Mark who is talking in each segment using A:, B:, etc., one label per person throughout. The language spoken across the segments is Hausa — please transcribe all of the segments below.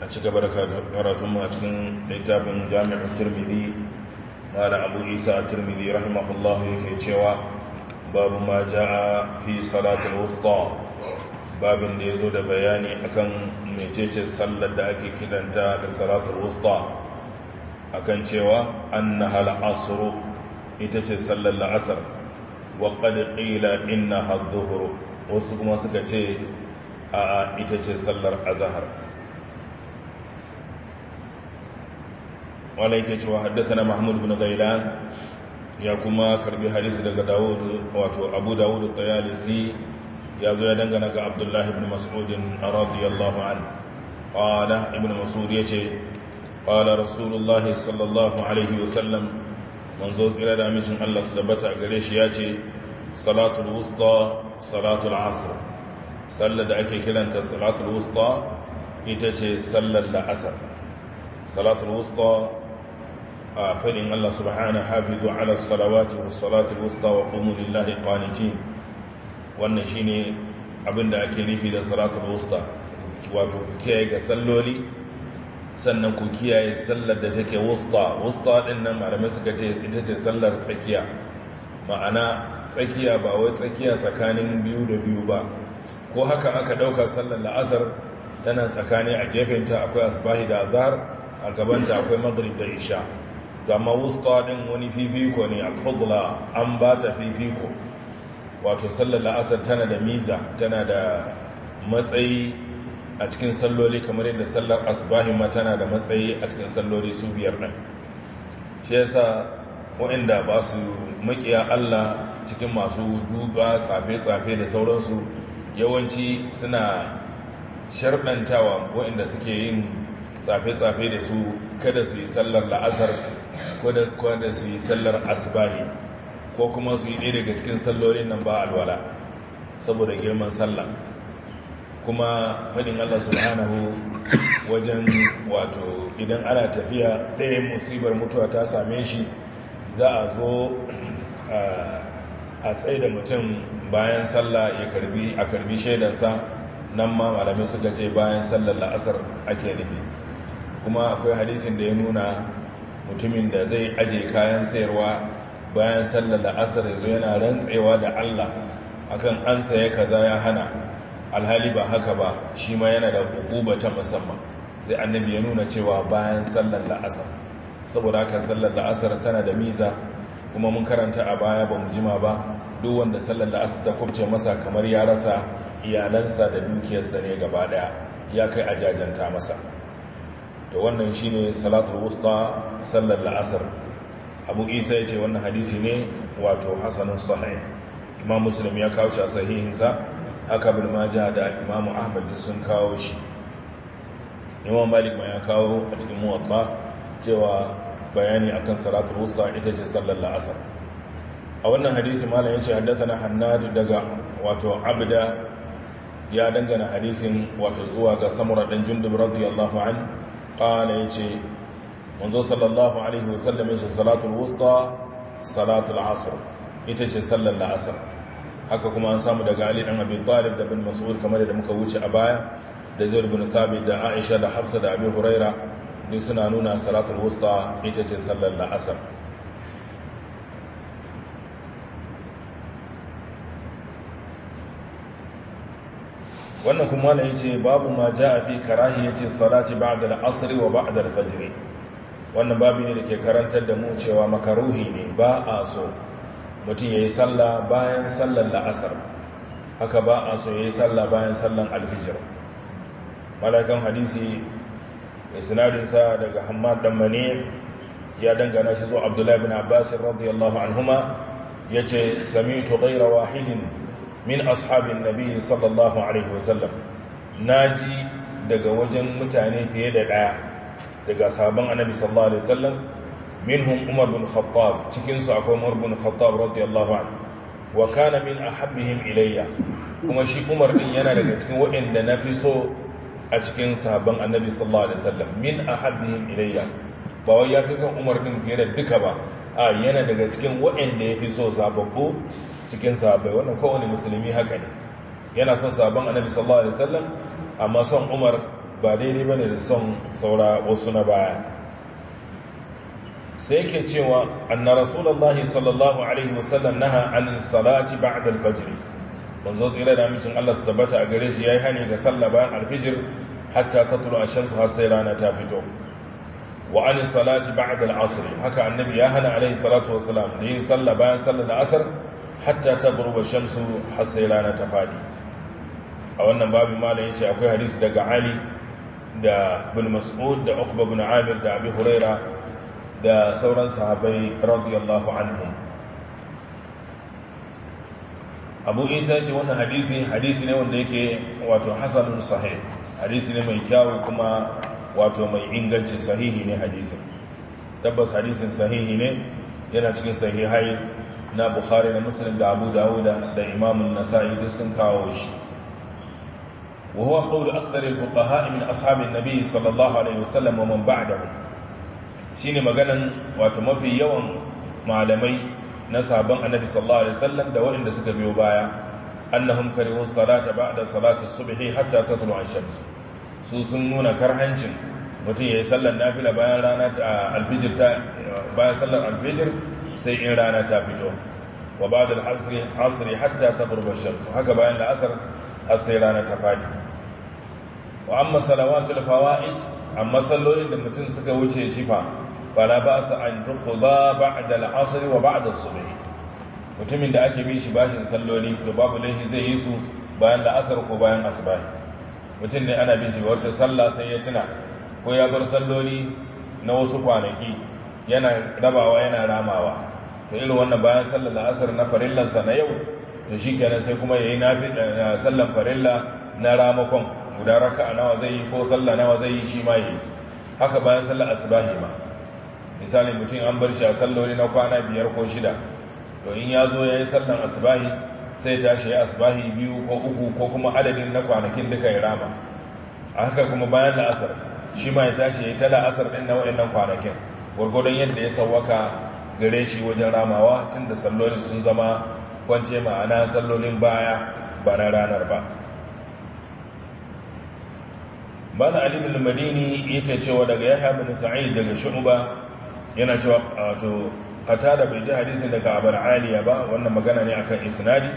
A: a ci gaba da mu a cikin littafin jami'ar turmidi malam abu isa a turmidi rahimahullahu yake cewa babu ma ja'a fi salatul wusta babin da ya zo da bayani akan mecece sallar da ake kidanta da salatul wusta akan cewa annaha al'asru ita ce sallar la'asar wa qad qila innaha wasu kuma suka ce a ita ce sallar azhar wala yake cewa haddathana mahmud ibn gailan ya kuma karbi hadisi daga dawud wato abu dawud at-tayalisi ya zo ya dangana ga abdullahi ibn mas'ud radiyallahu an qala ibn mas'ud yace qala rasulullah sallallahu alaihi wa sallam manzo tsira da amincin Allah su tabbata gare shi yace salatul wusta salatu salatul asr sallar da ake kiranta salatul wusta ita ce sallar da salatu salatul wusta فإن الله سبحانه حافظ على الصلوات والصلاة الوسطى وقوموا لله قانتين wannan shine abin da ake nufi da salatul wusta wato ku kiyaye ga salloli sannan ku kiyaye sallar da take wusta wusta din nan malamai suka ce ita ce sallar tsakiya ma'ana tsakiya ba wai tsakiya tsakanin biyu da biyu ba ko haka aka dauka sallar la'asar tana tsakani a gefenta akwai asbahi da azhar a gabanta akwai maghrib da isha gama wusta ɗin wani fifiko ne alfagula an ba ta fifiko wato sallar la'asar tana da miza tana da matsayi a cikin salloli kamar yadda sallar asbahin ma tana da matsayi a cikin salloli su biyar ɗin shi yasa waɗanda ba su makiya Allah cikin masu duba tsafe-tsafe da sauransu yawanci suna sharɗantawa waɗanda suke yin tsafe-tsafe da su kada su yi sallar la'asar ko da su yi sallar asbahi ko kuma su yi ɗaya daga cikin sallolin nan ba alwala saboda girman sallah kuma faɗin Allah subhanahu wajen wato idan ana tafiya ɗaya musibar mutuwa ta same shi za a zo a tsaye da mutum bayan sallah ya karbi a karbi shaidansa nan ma malamai suka ce bayan sallar la'asar ake nufi kuma akwai hadisin da ya nuna mutumin da zai aje kayan sayarwa bayan sallar la'asar yanzu yana rantsewa da allah akan an saye kaza ya hana alhali ba haka ba shi ma yana da hukuba ta musamman sai annabi ya nuna cewa bayan sallar la'asar saboda haka sallar la'asar tana da miza kuma mun karanta a baya ba mu jima ba duk wanda sallar la'asar ta kubce masa kamar ya rasa iyalansa da dukiyarsa ne gaba daya ya kai ajajanta masa Da wannan shine salatul wusta sallar la'asar abu isa ya ce wannan hadisi ne wato hasanun sahih imam muslim ya kawo shi a sahihinsa haka bin maja da imam ahmad sun kawo shi imam malik ma ya kawo a cikin muwatta cewa bayani akan salatul wusta ita ce sallar la'asar a wannan hadisi malam ya ce haddathana hannad daga wato abda ya dangana hadisin wato zuwa ga samura dan jundub radiyallahu an ƙala ya ce manzo sallallahu alaihi wasallam ya salatul wusta salatul asr ita ce sallar la'asar haka kuma an samu daga ali dan abi talib da bin mas'ud kamar da muka wuce a baya da zaid bin Tabi da aisha da hafsa da abi huraira duk suna nuna salatul wusta ita ce sallar la'asar wannan kuma ya ce babu ma ja a fi ce salati ba'da al-asr wa ba'da al-fajr wannan babu ne da ke karantar da mu cewa makaruhi ne ba a so mutum yayi sallah bayan sallar la'asar haka ba a so yayi sallah bayan sallar al-fajr malakan hadisi isnadin sa daga Hammad dan Mani ya dangana shi zuwa Abdullahi bin Abbas radiyallahu anhuma yace sami'tu ghayra wahidin min ashabin nabi sallallahu alaihi wasallam naji daga wajen mutane fiye da daya daga sahabban annabi sallallahu alaihi wasallam minhum umar bin khattab cikin su akwai umar bin khattab radiyallahu anhu wa kana min ahabbihim ilayya kuma shi umar din yana daga cikin waɗanda na fi so a cikin sahabban annabi sallallahu alaihi wasallam min ahabbihim ilayya ba wai ya fi son umar din fiye da duka ba a yana daga cikin waɗanda ya fi so zababbu cikin sahabbai wannan kowane musulmi haka ne yana son sabon annabi sallallahu alaihi wasallam amma son umar ba daidai bane da son saura wasu na baya sai yake cewa anna rasulullahi sallallahu alaihi wasallam naha an salati ba'da al-fajr manzo tsira da mijin Allah su tabbata a gare shi yayi hani ga sallah bayan al-fajr hatta tatlu ash-shamsu har sai rana ta fito wa an salati ba'da al-asr haka annabi ya hana alaihi salatu wasalam da yin sallah bayan sallar asr hatta ta burba shamsu har sai rana ta fadi a wannan babu malam yace akwai hadis daga Ali da bin Mas'ud da Uqba bin Amir da Abi Huraira da sauran sahabai radiyallahu anhu. Abu Isa yace wannan hadisi hadisi ne wanda yake wato hasanun sahih hadisi ne mai kyau kuma wato mai ingancin sahihi ne hadisin tabbas hadisin sahihi ne yana cikin sahihai na bukhari da muslim da abu dawuda da imamin nasa'i duk sun kawo shi wa huwa qawlu akthar al-fuqaha min ashab nabi sallallahu alaihi wasallam wa man ba'dahu shine maganan wato mafi yawan malamai na sabon annabi sallallahu alaihi wasallam da waɗanda suka biyo baya annahum karihu salata ba'da salati subhi hatta tatlu ash-shams su sun nuna karhancin mutum ya yi sallar nafila bayan rana ta alfijir ta bayan sallar alfijir sai in rana ta fito wa ba da asiri hatta ta burbashar haka bayan la'asar har sai rana ta fadi wa amma tulfawa fawa'id amma sallolin da mutum suka wuce shi fa ba su an ba a da la'asari wa ba da su bai mutumin da ake bin shi bashin salloli to babu laifi zai yi su bayan la'asar ko bayan bai mutum ne ana bin shi wata sallah sai ya tuna ko ya bar salloli na wasu kwanaki yana rabawa yana ramawa to irin wannan bayan sallar la'asar na farillansa na yau to shi kenan sai kuma ya yi eh, sallar farilla na ramakon guda raka a nawa zai yi ko sallar nawa zai yi shi ma yi haka bayan sallar asibahi ma misali mutum an bar shi a sallori na kwana biyar ko shida to in ya zo ya yi sallar asibahi sai tashi ya asibahi biyu ko uku ko kuma adadin na kwanakin duka ya rama a haka kuma bayan la'asar shi ma ya tashi ya yi ta la'asar ɗin na nan kwanakin gwargwadon yadda ya sauwaka gare shi wajen ramawa tun da sallolin sun zama kwance ma'ana sallolin baya ba na ranar ba bana alibin madini yake cewa daga yahya na sa'id daga shu'ba yana cewa wato da bai ji hadisin daga abar aliya ba wannan magana ne akan isnadi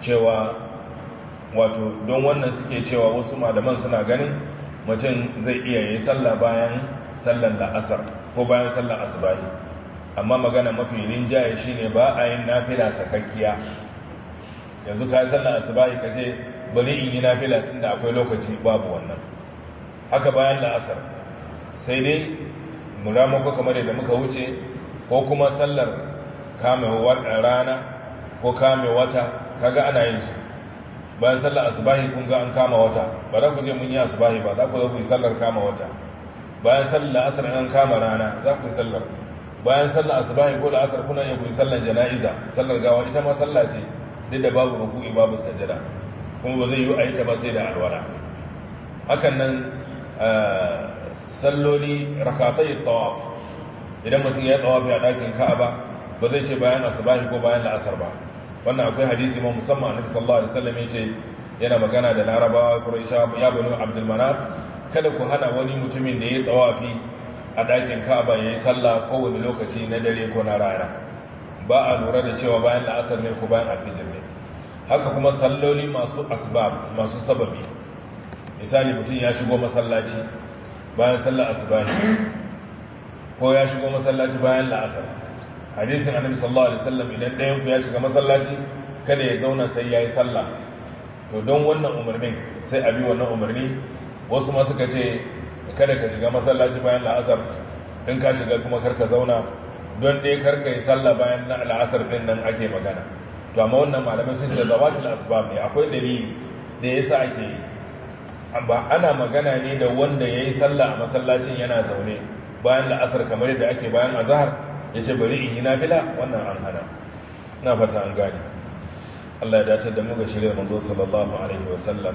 A: cewa wato don wannan suke cewa wasu malaman suna ganin mutum zai iya yi sallah bayan sallan la'asar ko bayan sallar asubahi amma magana mafi rinjaye shine ba a yin nafila sakakkiya yanzu ka sallar asubahi ka ce bari in yi nafila tunda akwai lokaci babu wannan haka bayan la'asar sai dai muramako kamar da muka wuce ko kuma sallar kamewar rana ko kame wata kaga ana yin su bayan sallar asubahi kun ga an kama wata ba za ku je mun yi asubahi ba za ku zo ku yi sallar kama wata bayan sallar asar an kama rana za ku yi sallar bayan sallar asubahi ko da asar kuna iya ku yi sallar jana'iza sallar gawa ita ma sallah ce duk da babu ruku'i babu sajada kuma ba zai yi a ita ba sai da alwara. hakan nan salloli rakatai tawaf idan mutum ya tawaf a ɗakin ka'aba ba zai ce bayan asubahi ko bayan la'asar ba wannan akwai hadisi ma musamman annabi sallallahu alaihi wasallam ce yana magana da larabawa quraisha ya bani abdul manaf kada ku hana wani mutumin da ya tsawafi a ɗakin ka'aba ya yi sallah kowane lokaci na dare ko na rana ba a lura da cewa bayan la'asar ne ko bayan alfijir ne haka kuma salloli masu asbab masu sababi misali mutum ya shigo masallaci bayan sallar asuba ko ya shigo masallaci bayan la'asar hadisin annabi sallallahu alaihi wasallam idan ɗayan ku ya shiga masallaci kada ya zauna sai ya yi sallah to don wannan umarnin sai a bi wannan umarni wasu ma kace kada ka shiga masallaci bayan la'asar in ka shiga kuma karka zauna don dai karka yi sallah bayan la'asar ɗin nan ake magana to amma wannan malamai sun ce zawatul asbab ne akwai dalili da ya yasa ake yi ba ana magana ne da wanda ya yi sallah a masallacin yana zaune bayan la'asar kamar yadda ake bayan azahar ya ce bari in yi nafila wannan an hana na fata an gane Allah ya dace da mu ga shirya manzo sallallahu alaihi sallam.